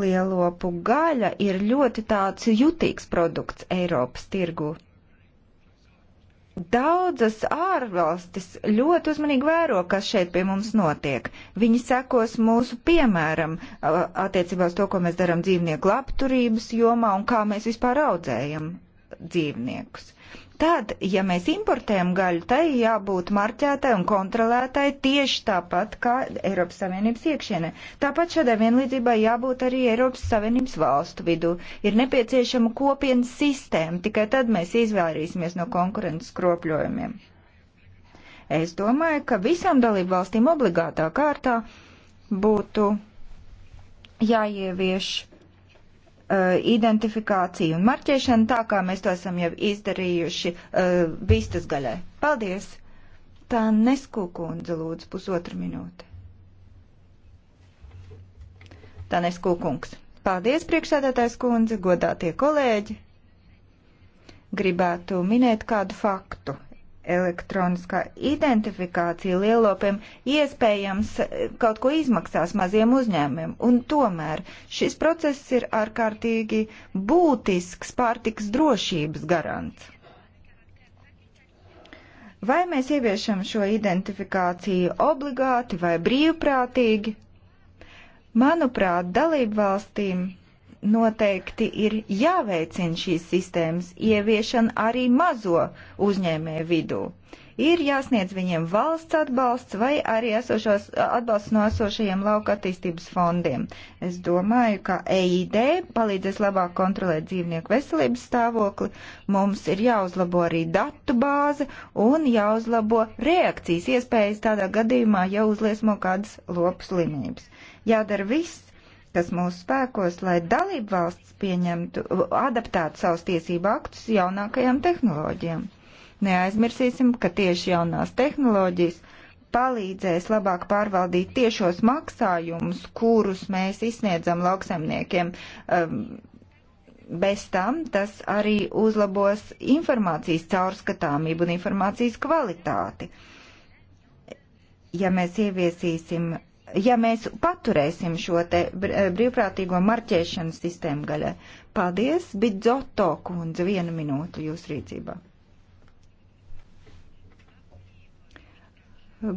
[SPEAKER 2] Lielopu gaļa ir ļoti tāds jutīgs produkts Eiropas tirgu. Daudzas ārvalstis ļoti uzmanīgi vēro, kas šeit pie mums notiek. Viņi sekos mūsu piemēram attiecībā uz to, ko mēs darām dzīvnieku labturības jomā un kā mēs vispār audzējam dzīvniekus. Tad, ja mēs importējam gaļu, tai jābūt marķētai un kontrolētai tieši tāpat kā Eiropas Savienības iekšienē. Tāpat šādai vienlīdzībai jābūt arī Eiropas Savienības valstu vidū. Ir nepieciešama kopienas sistēma, tikai tad mēs izvairīsimies no konkurences kropļojumiem. Es domāju, ka visām dalību valstīm obligātā kārtā būtu jāievieš Eh, identifikāciju un marķēšanu, tā kā mēs to esam jau izdarījuši eh, vistas gaļai. Paldies! Tā neskūkundze lūdzu pusotru minūti. Tā neskūkungs. Paldies, priekšsēdētājs kundze, godātie kolēģi! Gribētu minēt kādu faktu elektroniskā identifikācija lielopiem iespējams eh, kaut ko izmaksās maziem uzņēmumiem. Un tomēr šis process ir ārkārtīgi būtisks pārtiks drošības garants. Vai mēs ieviešam šo identifikāciju obligāti vai brīvprātīgi? Manuprāt, dalību valstīm noteikti ir jāveicina šīs sistēmas ieviešana arī mazo uzņēmēju vidū. Ir jāsniedz viņiem valsts atbalsts vai arī esošos, atbalsts no esošajiem lauka attīstības fondiem. Es domāju, ka EID palīdzēs labāk kontrolēt dzīvnieku veselības stāvokli. Mums ir jāuzlabo arī datu bāze un jāuzlabo reakcijas iespējas tādā gadījumā, ja uzliesmo kādas lopas slimības. Jādara viss, kas mūsu spēkos, lai dalību valsts pieņemtu, adaptētu savus tiesību aktus jaunākajām tehnoloģijām. Neaizmirsīsim, ka tieši jaunās tehnoloģijas palīdzēs labāk pārvaldīt tiešos maksājumus, kurus mēs izsniedzam lauksaimniekiem. Um, bez tam tas arī uzlabos informācijas caurskatāmību un informācijas kvalitāti. Ja mēs ieviesīsim ja mēs paturēsim šo te eh, brīvprātīgo marķēšanas sistēmu gaļai. Paldies, Bidzoto kundze, vienu minūtu jūs rīcībā.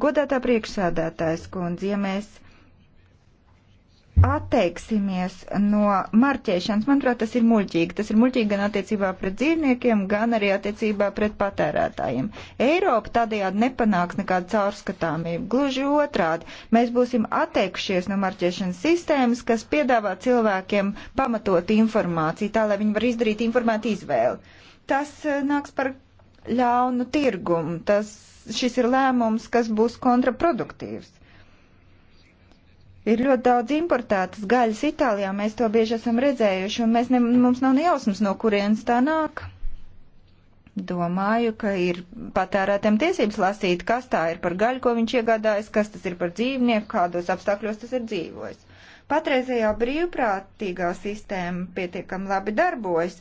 [SPEAKER 2] Godātā priekšsēdētājs kundze, ja mēs atteiksimies no marķēšanas, manuprāt, tas ir muļķīgi. Tas ir muļķīgi gan attiecībā pret dzīvniekiem, gan arī attiecībā pret patērētājiem. Eiropa tādējādi nepanāks nekādu caurskatāmību. Gluži otrādi, mēs būsim atteikušies no marķēšanas sistēmas, kas piedāvā cilvēkiem pamatot informāciju, tā lai viņi var izdarīt informētu izvēli. Tas eh, nāks par ļaunu tirgumu. Tas, šis ir lēmums, kas būs kontraproduktīvs Ir ļoti daudz importētas gaļas Itālijā, mēs to bieži esam redzējuši, un mēs ne, mums nav nejausmas, no kurienes tā nāk. Domāju, ka ir patērētiem tiesības lasīt, kas tā ir par gaļu, ko viņš iegādājas, kas tas ir par dzīvnieku, kādos apstākļos tas ir dzīvojis. Patreizējā brīvprātīgā sistēma pietiekami labi darbojas,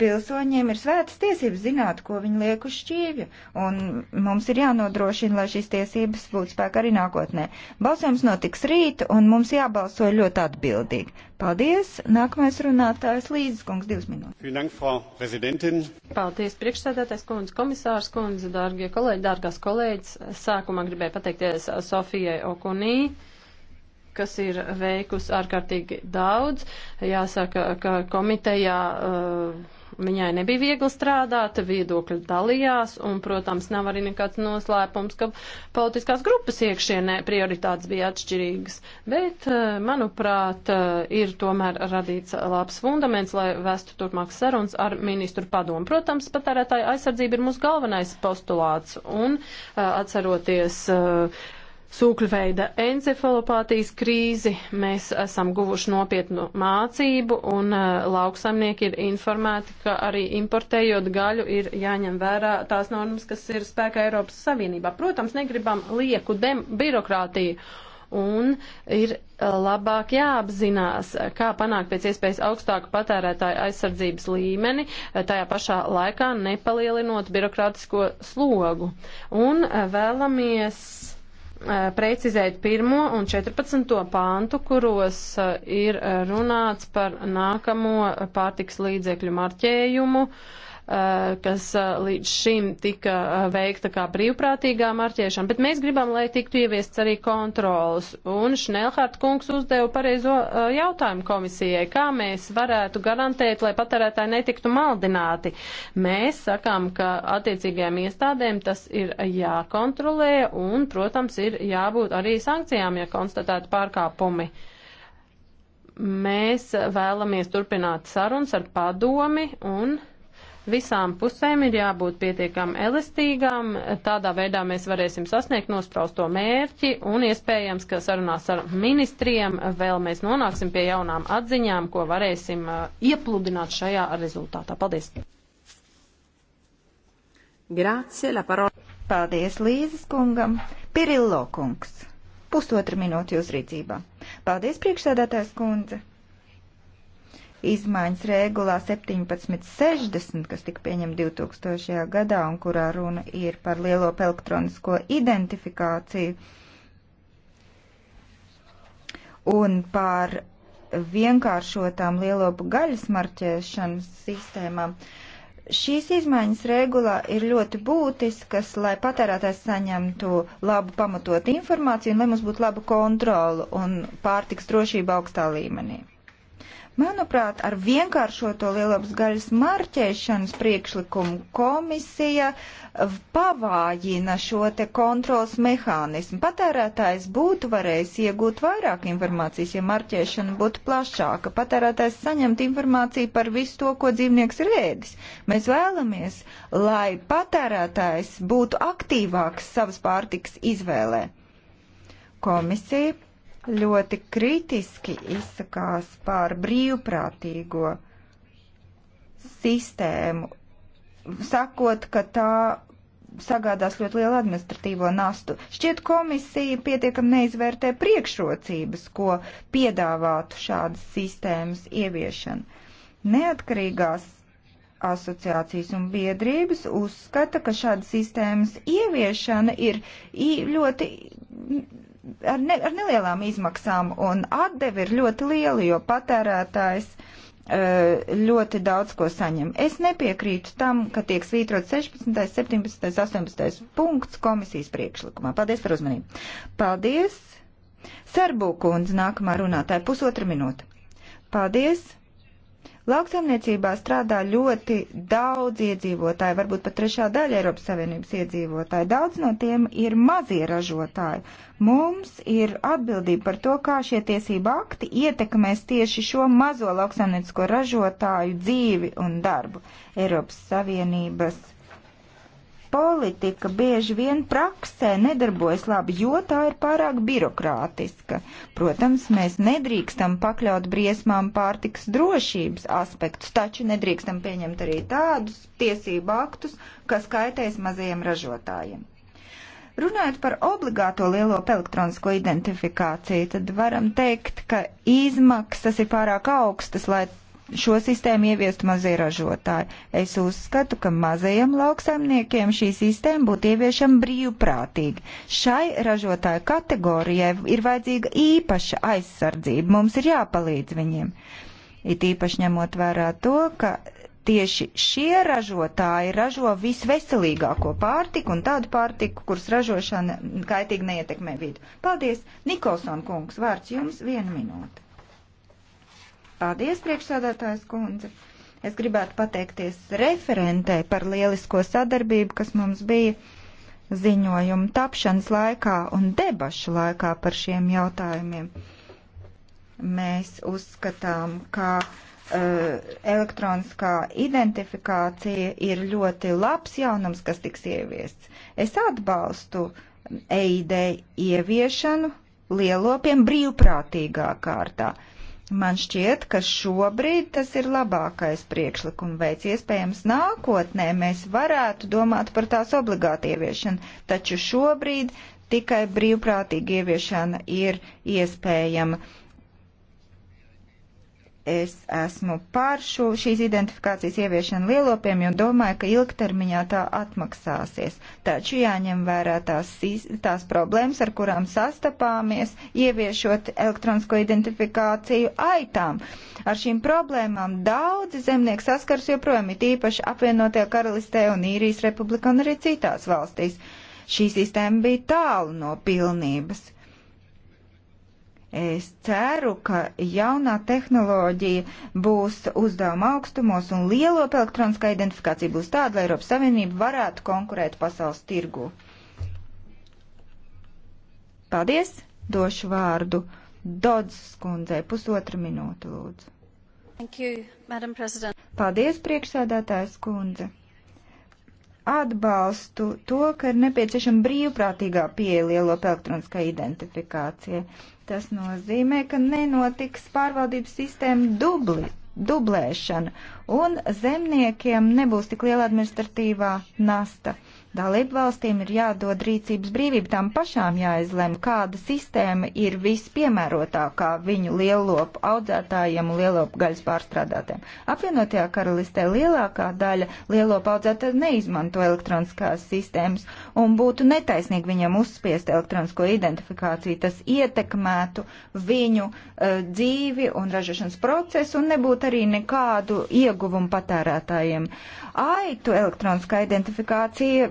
[SPEAKER 2] pilsoņiem ir svētas tiesības zināt, ko viņi liek uz šķīvja, un mums ir jānodrošina, lai šīs tiesības būtu spēkā arī nākotnē. Balsojums notiks rīt, un mums jābalso ļoti atbildīgi. Paldies! Nākamais runātājs Līdzes kungs, divas
[SPEAKER 3] minūtes. Paldies, priekšsēdētājs kundze, komisārs kundze, dārgie kolēģi, dārgās kolēģis. Sākumā gribēju pateikties Sofijai Okunī kas ir veikusi ārkārtīgi daudz. Jāsaka, ka komitejā uh, Viņai nebija viegli strādāt, viedokļi dalījās, un, protams, nav arī nekāds noslēpums, ka politiskās grupas iekšienē prioritātes bija atšķirīgas. Bet, eh, manuprāt, eh, ir tomēr radīts labs fundaments, lai vestu turpmāk sarunas ar ministru padomu. Protams, patērētāja aizsardzība ir mūsu galvenais postulāts, un eh, atceroties. Uh, sūkļveida encefalopātijas krīzi. Mēs esam guvuši nopietnu mācību un uh, lauksaimnieki ir informēti, ka arī importējot gaļu ir jāņem vērā tās normas, kas ir spēkā Eiropas Savienībā. Protams, negribam lieku birokrātiju. Un ir eh, labāk jāapzinās, kā panākt pēc iespējas augstāku patērētāju aizsardzības līmeni, eh, tajā pašā laikā nepalielinot birokrātisko slogu. Un vēlamies Eh, precizēt 1. un 14. pāntu, kuros eh, ir eh, runāts par nākamo pārtiks līdzekļu marķējumu. Uh, Eh, kas eh, līdz šim tika eh, veikta kā brīvprātīgā marķēšana, bet mēs gribam, lai tiktu ieviests arī kontrols. Un Šnelhārt kungs uzdeva pareizo jautājumu komisijai, kā mēs varētu garantēt, lai patērētāji netiktu maldināti. Mēs sakām, ka attiecīgajām iestādēm tas ir jākontrolē un, protams, ir jābūt arī sankcijām, ja konstatētu pārkāpumi mēs vēlamies turpināt sarunas ar padomi un Visām pusēm ir jābūt pietiekami elastīgām, tādā veidā mēs varēsim sasniegt nosprausto mērķi un iespējams, ka sarunās ar ministriem vēl mēs nonāksim pie jaunām atziņām, ko varēsim uh, iepludināt šajā rezultātā. Paldies!
[SPEAKER 2] Grācie, la parola. Paldies Līzes kungam. Pirillo kungs. Pusotra minūte jūs rīcībā. Paldies, priekšsēdētājs kundze izmaiņas regulā 1760, kas tika pieņemta 2000. gadā un kurā runa ir par lielo elektronisko identifikāciju un par vienkāršotām lielo gaļas marķēšanas sistēmām. Šīs izmaiņas regulā ir ļoti būtiskas, lai patērētājs saņemtu labu pamatotu informāciju un lai mums būtu laba kontrola un pārtiks drošība augstā līmenī. Manuprāt, ar vienkāršoto lielopes gaļas marķēšanas priekšlikumu komisija pavājina šo te kontrols mehānismu. Patērētājs būtu varējis iegūt vairāk informācijas, ja marķēšana būtu plašāka. Patērētājs saņemt informāciju par visu to, ko dzīvnieks ir ēdis. Mēs vēlamies, lai patērētājs būtu aktīvāks savas pārtikas izvēlē. Komisija ļoti kritiski izsakās par brīvprātīgo sistēmu, sakot, ka tā sagādās ļoti lielu administratīvo nastu. Šķiet komisija pietiekam neizvērtē priekšrocības, ko piedāvātu šādas sistēmas ieviešana. Neatkarīgās asociācijas un biedrības uzskata, ka šādas sistēmas ieviešana ir ļoti ar, ne, ar nelielām izmaksām, un atdevi ir ļoti liela, jo patērētājs e, ļoti daudz ko saņem. Es nepiekrītu tam, ka tiek svītrot 16., 17., 18. punkts komisijas priekšlikumā. Paldies par uzmanību. Paldies! Serbūkundze nākamā runātāja pusotra minūte. Paldies! Lauksaimniecībā strādā ļoti daudz iedzīvotāju, varbūt pat trešā daļa Eiropas Savienības iedzīvotāju. Daudz no tiem ir mazie ražotāji. Mums ir atbildība par to, kā šie tiesība akti ietekmēs tieši šo mazo lauksaimniecisko ražotāju dzīvi un darbu. Eiropas Savienības politika bieži vien praksē nedarbojas labi, jo tā ir pārāk birokrātiska. Protams, mēs nedrīkstam pakļaut briesmām pārtiks drošības aspektus, taču nedrīkstam pieņemt arī tādus tiesību aktus, kas kaitēs mazajiem ražotājiem. Runājot par obligāto lielo elektronisko identifikāciju, tad varam teikt, ka izmaksas ir pārāk augstas, lai šo sistēmu ieviestu mazie ražotāji. Es uzskatu, ka mazajiem lauksaimniekiem šī sistēma būtu ieviešama brīvprātīgi. Šai ražotāju kategorijai ir vajadzīga īpaša aizsardzība. Mums ir jāpalīdz viņiem. It īpaši ņemot vērā to, ka tieši šie ražotāji ražo visveselīgāko pārtiku un tādu pārtiku, kuras ražošana kaitīgi neietekmē vidu. Paldies, Nikolson kungs, vārds jums viena minūte. Paldies, priekšsādātājs kundze. Es gribētu pateikties referentei par lielisko sadarbību, kas mums bija ziņojuma tapšanas laikā un debašu laikā par šiem jautājumiem. Mēs uzskatām, ka uh, elektroniskā identifikācija ir ļoti labs jaunums, kas tiks ieviests. Es atbalstu EID ieviešanu lielopiem brīvprātīgā kārtā. Uh, Man šķiet, ka šobrīd tas ir labākais priekšlikuma veids. Iespējams, nākotnē mēs varētu domāt par tās obligātu ieviešanu, taču šobrīd tikai brīvprātīga ieviešana ir iespējama es esmu pār šo, šīs identifikācijas ieviešanu lielopiem, jo domāju, ka ilgtermiņā tā atmaksāsies. Taču jāņem vērā tās, tās problēmas, ar kurām sastapāmies, ieviešot elektronisko identifikāciju aitām. Ar šīm problēmām daudzi zemnieki saskars joprojām, it īpaši apvienotajā karalistē un īrijas republikā un arī citās valstīs. Šī sistēma bija tālu no pilnības Es ceru, ka jaunā tehnoloģija būs uzdevuma augstumos un lielo elektroniskā identifikācija būs tāda, lai Eiropas Savienība varētu konkurēt pasaules tirgu. Paldies! Došu vārdu Dodzes kundzei pusotra minūte, lūdzu.
[SPEAKER 1] Thank you, Madam President.
[SPEAKER 2] Paldies, priekšsēdētājs kundze atbalstu to, ka ir nepieciešama brīvprātīgā pieeja lielo elektroniskai identifikācijai. Tas nozīmē, ka nenotiks pārvaldības sistēma dubli, dublēšana un zemniekiem nebūs tik liela administratīvā nasta. Uh, Dalību valstīm ir jādod rīcības brīvība, tām pašām jāizlem, kāda sistēma ir vispiemērotākā viņu lielopu audzētājiem un lielopu gaļas pārstrādātēm. Apvienotajā karalistē lielākā daļa lielopu audzētāju neizmanto elektroniskās sistēmas un būtu netaisnīgi viņiem uzspiest elektronisko identifikāciju. Tas ietekmētu viņu uh, dzīvi un ražošanas procesu un nebūtu arī nekādu ieguvumu patērētājiem. Aitu elektroniskā identifikācija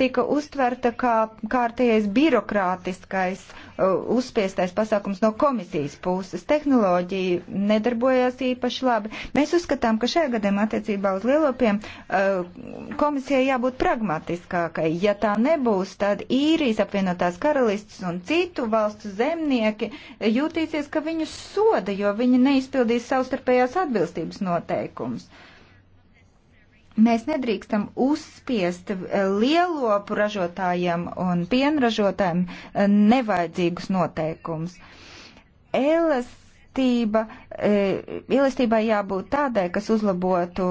[SPEAKER 2] tika uztverta kā kārtējais birokrātiskais uh, uzspiestais pasākums no komisijas puses. Tehnoloģija nedarbojās īpaši labi. Mēs uzskatām, ka šajā gadiem attiecībā uz lielopiem uh, komisijai jābūt pragmatiskākai. Ja tā nebūs, tad īrijas apvienotās karalistas un citu valstu zemnieki jūtīsies, ka viņus soda, jo viņi neizpildīs savstarpējās atbilstības noteikumus. Mēs nedrīkstam uzspiest eh, lielopu ražotājiem un pienražotājiem eh, nevajadzīgus noteikumus. Elas elastība, e, elastībai jābūt tādai, kas uzlabotu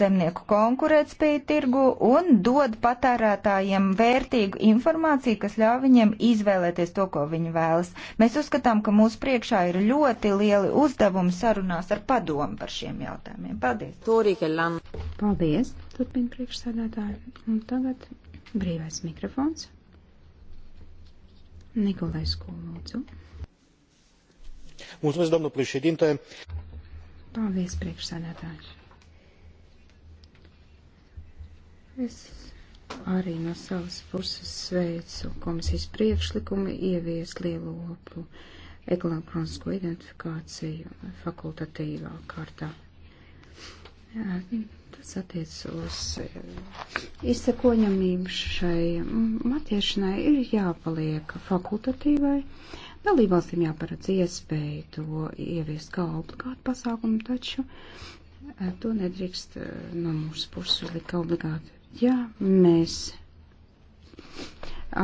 [SPEAKER 2] zemnieku konkurētspēju tirgu un dod patērētājiem vērtīgu informāciju, kas ļauj viņiem izvēlēties to, ko viņi vēlas. Mēs uzskatām, ka mūsu priekšā ir ļoti lieli uzdevumi sarunās ar padomu par šiem jautājumiem. Paldies! Torīkelam! Paldies!
[SPEAKER 1] Turpin priekšsēdētāji. Un tagad brīvais mikrofons. Nikolais Kolūdzu. Mulțumesc, domnul președinte. Paldies, priekšsēdētāji. Es arī no savas puses sveicu komisijas priekšlikumu ieviest lielu lopu ekonomisko identifikāciju fakultatīvā kārtā. Tas attiec uz izsakoņamību šai matiešanai ir jāpaliek fakultatīvai. Uh, Dalībvalstīm jāparedz iespēju to ieviest kā obligātu pasākumu, taču eh, to nedrīkst eh, no mūsu puses uzlikt obligāti. Ja mēs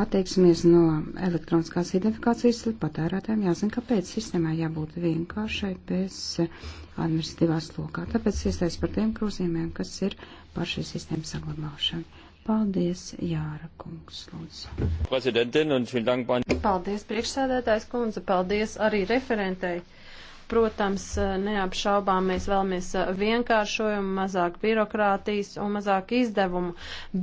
[SPEAKER 1] atteiksimies no elektroniskās identifikācijas, tad patērētājiem jāzina, kāpēc sistēmā jābūt vienkāršai bez eh, administratīvās lokā. Tāpēc iestājas par tiem grozījumiem, kas ir par šīs sistēmas saglabāšanu.
[SPEAKER 3] Paldies, Jāra kungs, lūdzu. Paldies, priekšsēdētājs kundze, paldies arī referentei. Protams, eh, neapšaubām mēs vēlamies eh, vienkāršojumu, mazāk birokrātijas un mazāk izdevumu,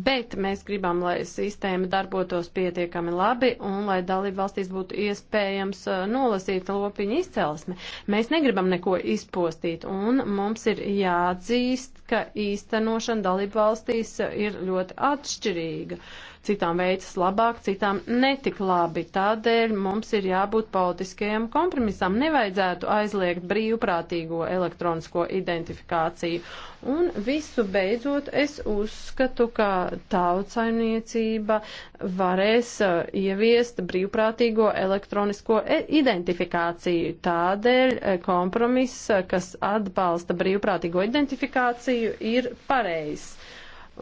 [SPEAKER 3] bet mēs gribam, lai sistēma darbotos pietiekami labi un lai dalību valstīs būtu iespējams eh, nolasīt lopiņu izcelsmi. Mēs negribam neko izpostīt un mums ir jāatzīst, ka īstenošana dalību valstīs ir ļoti atšķirīga. Uh, citām veicas labāk, citām netik labi. Tādēļ mums ir jābūt politiskajam kompromisam. Nevajadzētu aizliegt brīvprātīgo elektronisko identifikāciju. Un visu beidzot es uzskatu, ka tautsaimniecība varēs eh, ieviest brīvprātīgo elektronisko eh, identifikāciju. Tādēļ eh, kompromiss, kas atbalsta brīvprātīgo identifikāciju, ir pareizs.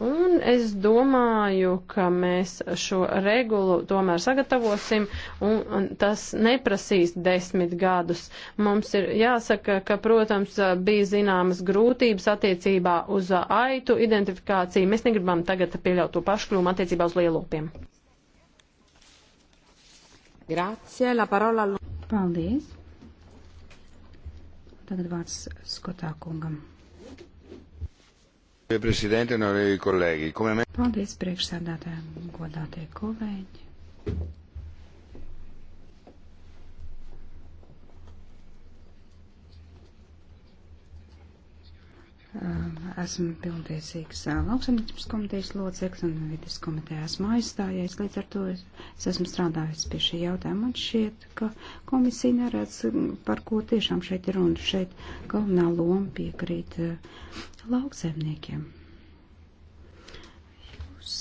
[SPEAKER 3] Un es domāju, ka mēs šo regulu tomēr sagatavosim, un, un tas neprasīs desmit gadus. Mums ir jāsaka, ka, protams, bija zināmas grūtības attiecībā uz aitu identifikāciju. Mēs negribam tagad pieļaut to paškļūmu attiecībā uz lielopiem.
[SPEAKER 1] Grazie, la parola. Paldies. Tagad vārds Skotā kungam. Paldies priekšsēdētājiem, godātie kolēģi. esmu pilntiesīgs lauksaimniecības komitejas loceklis un vidas komitejā esmu aizstājies, līdz ar to es, es esmu strādājis pie šī jautājuma. Man šķiet, ka komisija neredz, par ko tiešām šeit ir runa. Šeit galvenā loma piekrīt lauksaimniekiem. Jūs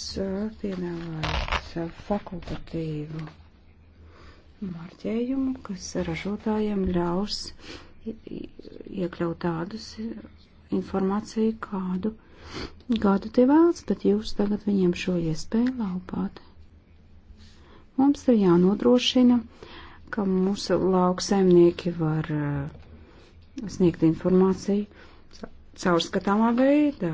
[SPEAKER 1] piedāvājat fakultatīvu marķējumu, kas ražotājiem ļaus iekļaut tādus informāciju, kādu gadu tie vēlas, bet jūs tagad viņiem šo iespēju laupāt. Mums ir jānodrošina, ka mūsu lauksaimnieki var eh, sniegt informāciju caurskatāmā veidā.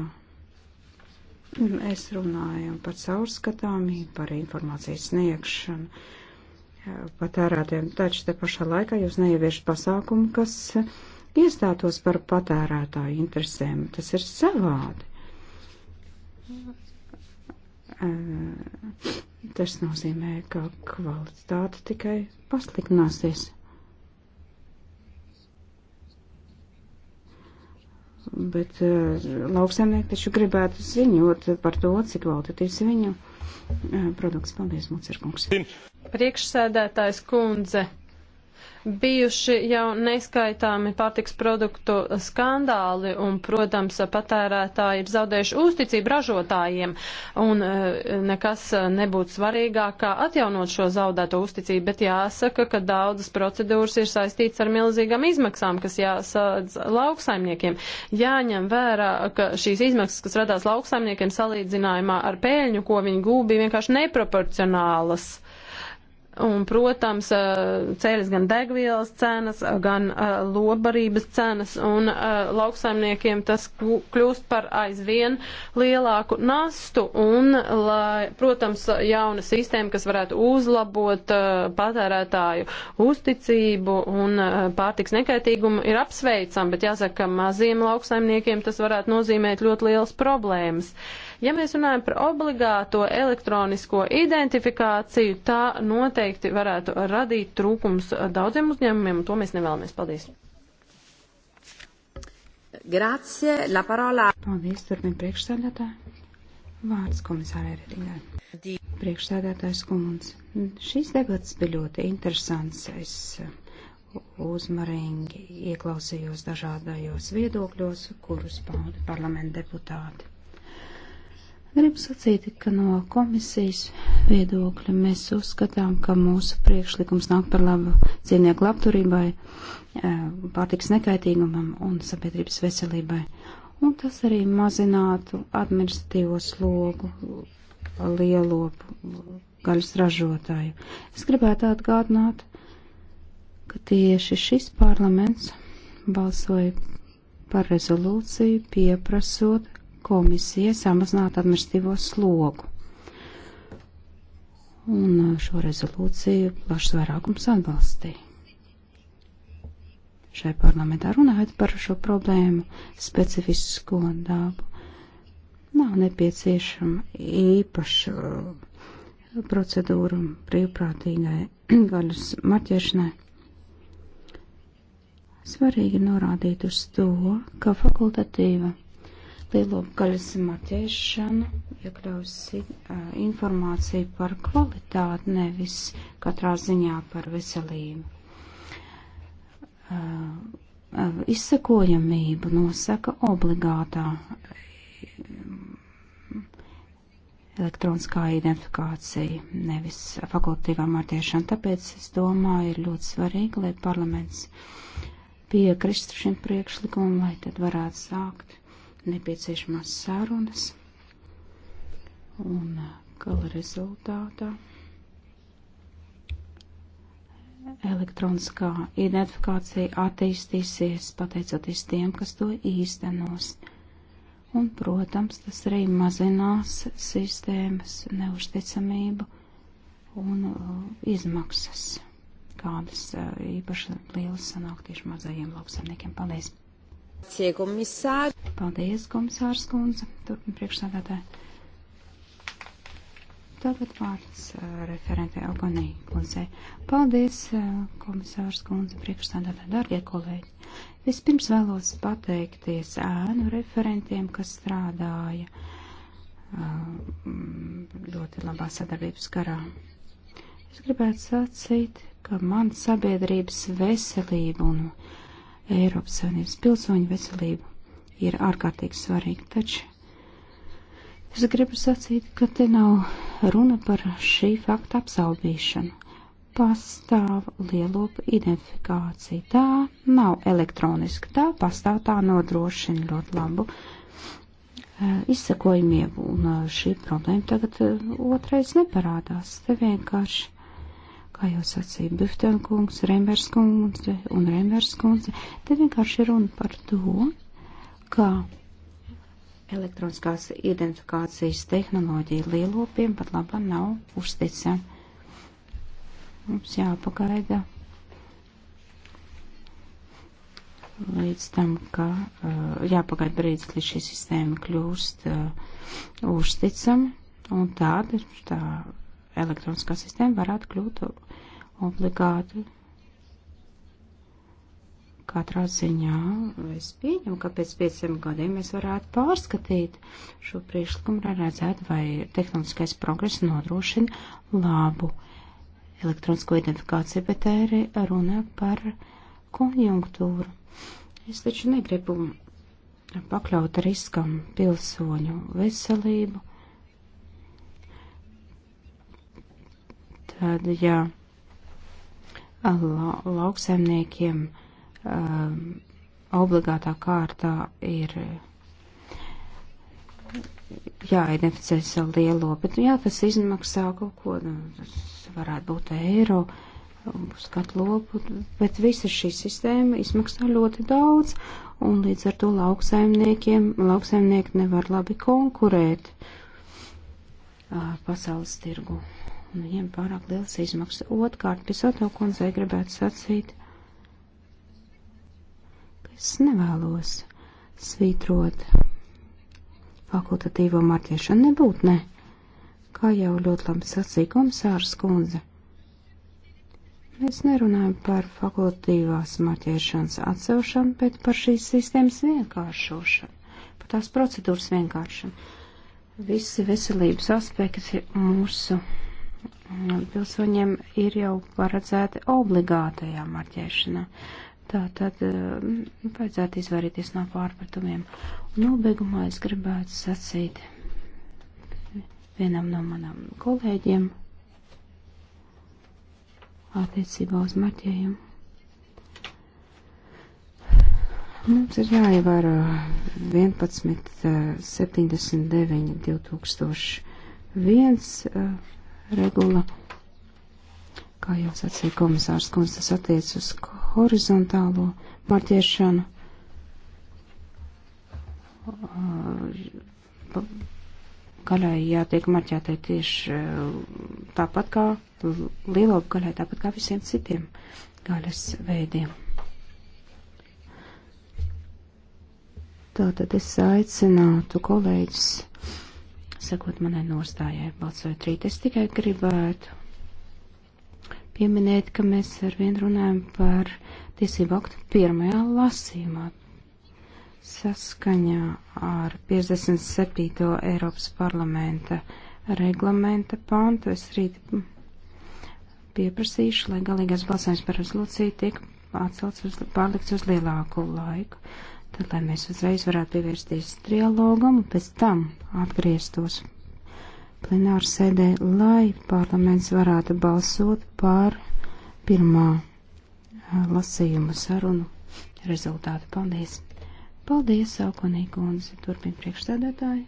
[SPEAKER 1] Es runāju par caurskatāmību, par informācijas sniegšanu eh, patērētiem, taču te pašā laikā jūs neieviešat pasākumu, kas uh, iestātos par patērētāju interesēm. Tas ir savādi. Eh, tas nozīmē, ka kvalitāte tikai pasliktināsies. bet uh, lauksaimnieki taču gribētu ziņot par to, cik kvalitatīvs viņu uh, produkts. Paldies, Mūcerkungs.
[SPEAKER 3] Priekšsēdētājs kundze bijuši jau neskaitāmi pārtiks produktu skandāli, un, protams, patērētāji ir zaudējuši uzticību ražotājiem, un eh, nekas nebūtu svarīgāk kā atjaunot šo zaudēto uzticību, bet jāsaka, ka daudzas procedūras ir saistīts ar milzīgām izmaksām, kas jāsadz lauksaimniekiem. Jāņem vērā, ka šīs izmaksas, kas radās lauksaimniekiem salīdzinājumā ar pēļņu, ko viņi gūbi, vienkārši neproporcionālas. Un, protams, ceļas gan degvielas cenas, gan lobarības cenas, un lauksaimniekiem tas kļūst par aizvien lielāku nastu. Un, lai, protams, jauna sistēma, kas varētu uzlabot patērētāju uzticību un pārtiks nekaitīgumu, ir apsveicama, bet jāsaka, ka maziem lauksaimniekiem tas varētu nozīmēt ļoti lielas problēmas. Uh, Ja mēs runājam par obligāto elektronisko identifikāciju, tā noteikti varētu radīt trūkums daudziem uzņēmumiem, un to mēs nevēlamies. Paldies! Grazie, la parola. Paldies, turpin priekšsēdētāji.
[SPEAKER 1] Vārds komisārai Redingai. Priekšsēdētājs Kumans. Šīs debats bija ļoti interesants. Es uh, uzmanīgi ieklausījos dažādajos viedokļos, kurus pauda parlamenta deputāti. Gribu sacīt, ka no komisijas viedokļa mēs uzskatām, ka mūsu priekšlikums nāk par labu dzīvnieku labturībai, eh, pārtiks nekaitīgumam un sabiedrības veselībai. Un tas arī mazinātu administratīvo slogu lielopu gaļas ražotāju. Es gribētu atgādināt, ka tieši šis parlaments balsoja par rezolūciju pieprasot komisija samazinātu administratīvo slogu. Un uh, šo rezolūciju plašs vairākums atbalstīja. Šai parlamentā runājot par šo problēmu specifisko dabu, nav nepieciešama īpaša uh, procedūra brīvprātīgai [clears throat] gaļas marķēšanai. Svarīgi norādīt uz to, ka fakultatīva Lielopgaļas marķēšana iekļaus informāciju par kvalitāti, nevis katrā ziņā par veselību. Izsakojamību nosaka obligātā elektroniskā identifikācija, nevis fakultīvā marķēšana. Tāpēc es domāju, ir ļoti svarīgi, lai parlaments piekristu šim priekšlikumam, lai tad varētu sākt nepieciešamās sarunas un uh, gala rezultātā elektroniskā identifikācija attīstīsies pateicoties tiem, kas to īstenos. Un, protams, tas arī mazinās sistēmas neusticamību un uh, izmaksas, kādas uh, īpaši lielas sanāk tieši mazajiem lauksaimniekiem. Paldies! Paldies, komisārs Kunze, turpin priekšsādātāji. Tagad vārds referentē Algonī Kunze. Paldies, komisārs Kunze, priekšsādātāji, darbie kolēģi. Vispirms vēlos pateikties ēnu referentiem, kas strādāja mm, ļoti labā sadarbības garā. Es gribētu sacīt, ka man sabiedrības veselība un. No Eiropas Savienības pilsoņu veselību ir ārkārtīgi svarīga. Taču es gribu sacīt, ka te nav runa par šī fakta apsaubīšanu. Pastāv lielopa identifikācija. Tā nav elektroniska, tā pastāv tā nodrošina ļoti labu eh, izsakojumiem, un eh, šī problēma tagad eh, otrais neparādās. Te vienkārši kā jau sacīja Biftenkungs, Remberskundze un Remberskundze, te vienkārši ir runa par to, kā elektroniskās identifikācijas tehnoloģija lielopiem pat labā nav uzticama. Mums jāpagaida līdz tam, ka uh, jāpagaida brīdis, līdz šī sistēma kļūst uh, uzticama, un tāda ir tā elektroniskā sistēma varētu kļūt obligāti katrā ziņā. Es pieņemu, ka pēc pieciem gadiem mēs varētu pārskatīt šo priekšlikumu, lai redzētu, vai tehnoloģiskais progress nodrošina labu elektronisko identifikāciju, bet tā ir runa par konjunktūru. Es taču negribu pakļaut riskam pilsoņu veselību Tad, ja la, lauksaimniekiem um, obligātā kārtā ir jāidentificē savu lielo, bet nu, jā, tas izmaksā kaut ko, nu, tas varētu būt eiro uz katru lopu, bet visa šī sistēma izmaksā ļoti daudz, un līdz ar to lauksaimniekiem, lauksaimnieki nevar labi konkurēt uh, pasaules tirgu viņiem nu, pārāk liels izmaksas. Otkārt, Pisoto kundzei gribētu sacīt, ka es nevēlos svītrot fakultatīvo marķēšanu nebūtu, ne. Kā jau ļoti labi sacīja komisārs kundze. Mēs nerunājam par fakultatīvās marķēšanas atcelšanu, bet par šīs sistēmas vienkāršošanu, par tās procedūras vienkāršanu. Visi veselības aspekti mūsu pilsoņiem ir jau paredzēta obligātajā marķēšana. Tā tad eh, vajadzētu izvairīties no pārpratumiem. Nobeigumā es gribētu sacīt vienam no manam kolēģiem attiecībā uz marķējumu. Mums ir jāievēro 11.79.2001 regula. Kā jau sacīja komisārs Kunz, tas attiec uz horizontālo marķēšanu. Uh, gaļai jātiek marķētai tieši uh, tāpat kā lielopu gaļai, tāpat kā visiem citiem gaļas veidiem. Tātad es aicinātu kolēģis sekot manai nostājai, balsojot rīt. Es tikai gribētu pieminēt, ka mēs ar vienu runājam par tiesību aktu pirmajā lasīmā saskaņā ar 57. Eiropas parlamenta reglamenta pantu. Es rīt pieprasīšu, lai galīgais balsājums par rezolūciju tiek atcelts uz, pārlikts uz lielāku laiku tad lai mēs uzreiz varētu pievērsties trialogam un pēc tam atgrieztos plenāru sēdē, lai parlaments varētu balsot par pirmā lasījuma sarunu rezultātu. Paldies! Paldies, Saukonī kundze, turpina priekšstādātāji.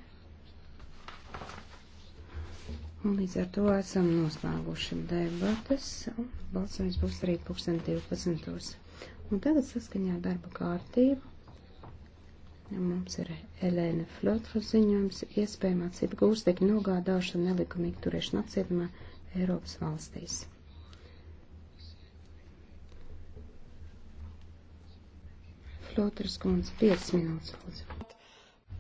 [SPEAKER 1] Un līdz ar to esam noslēguši debatas, un balsojums būs arī 2012. Un tagad saskaņā darba kārtību. Mums ir Elēna Flotra ziņojums, iespējama atcība gūstekņu nogādāšana nelikumīgi turēšana apcietumā Eiropas valstīs.
[SPEAKER 2] Flotras kundze, 5 minūtes lūdzu.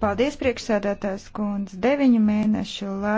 [SPEAKER 2] Paldies, priekšsēdētājs kundze, 9 mēnešu laikā.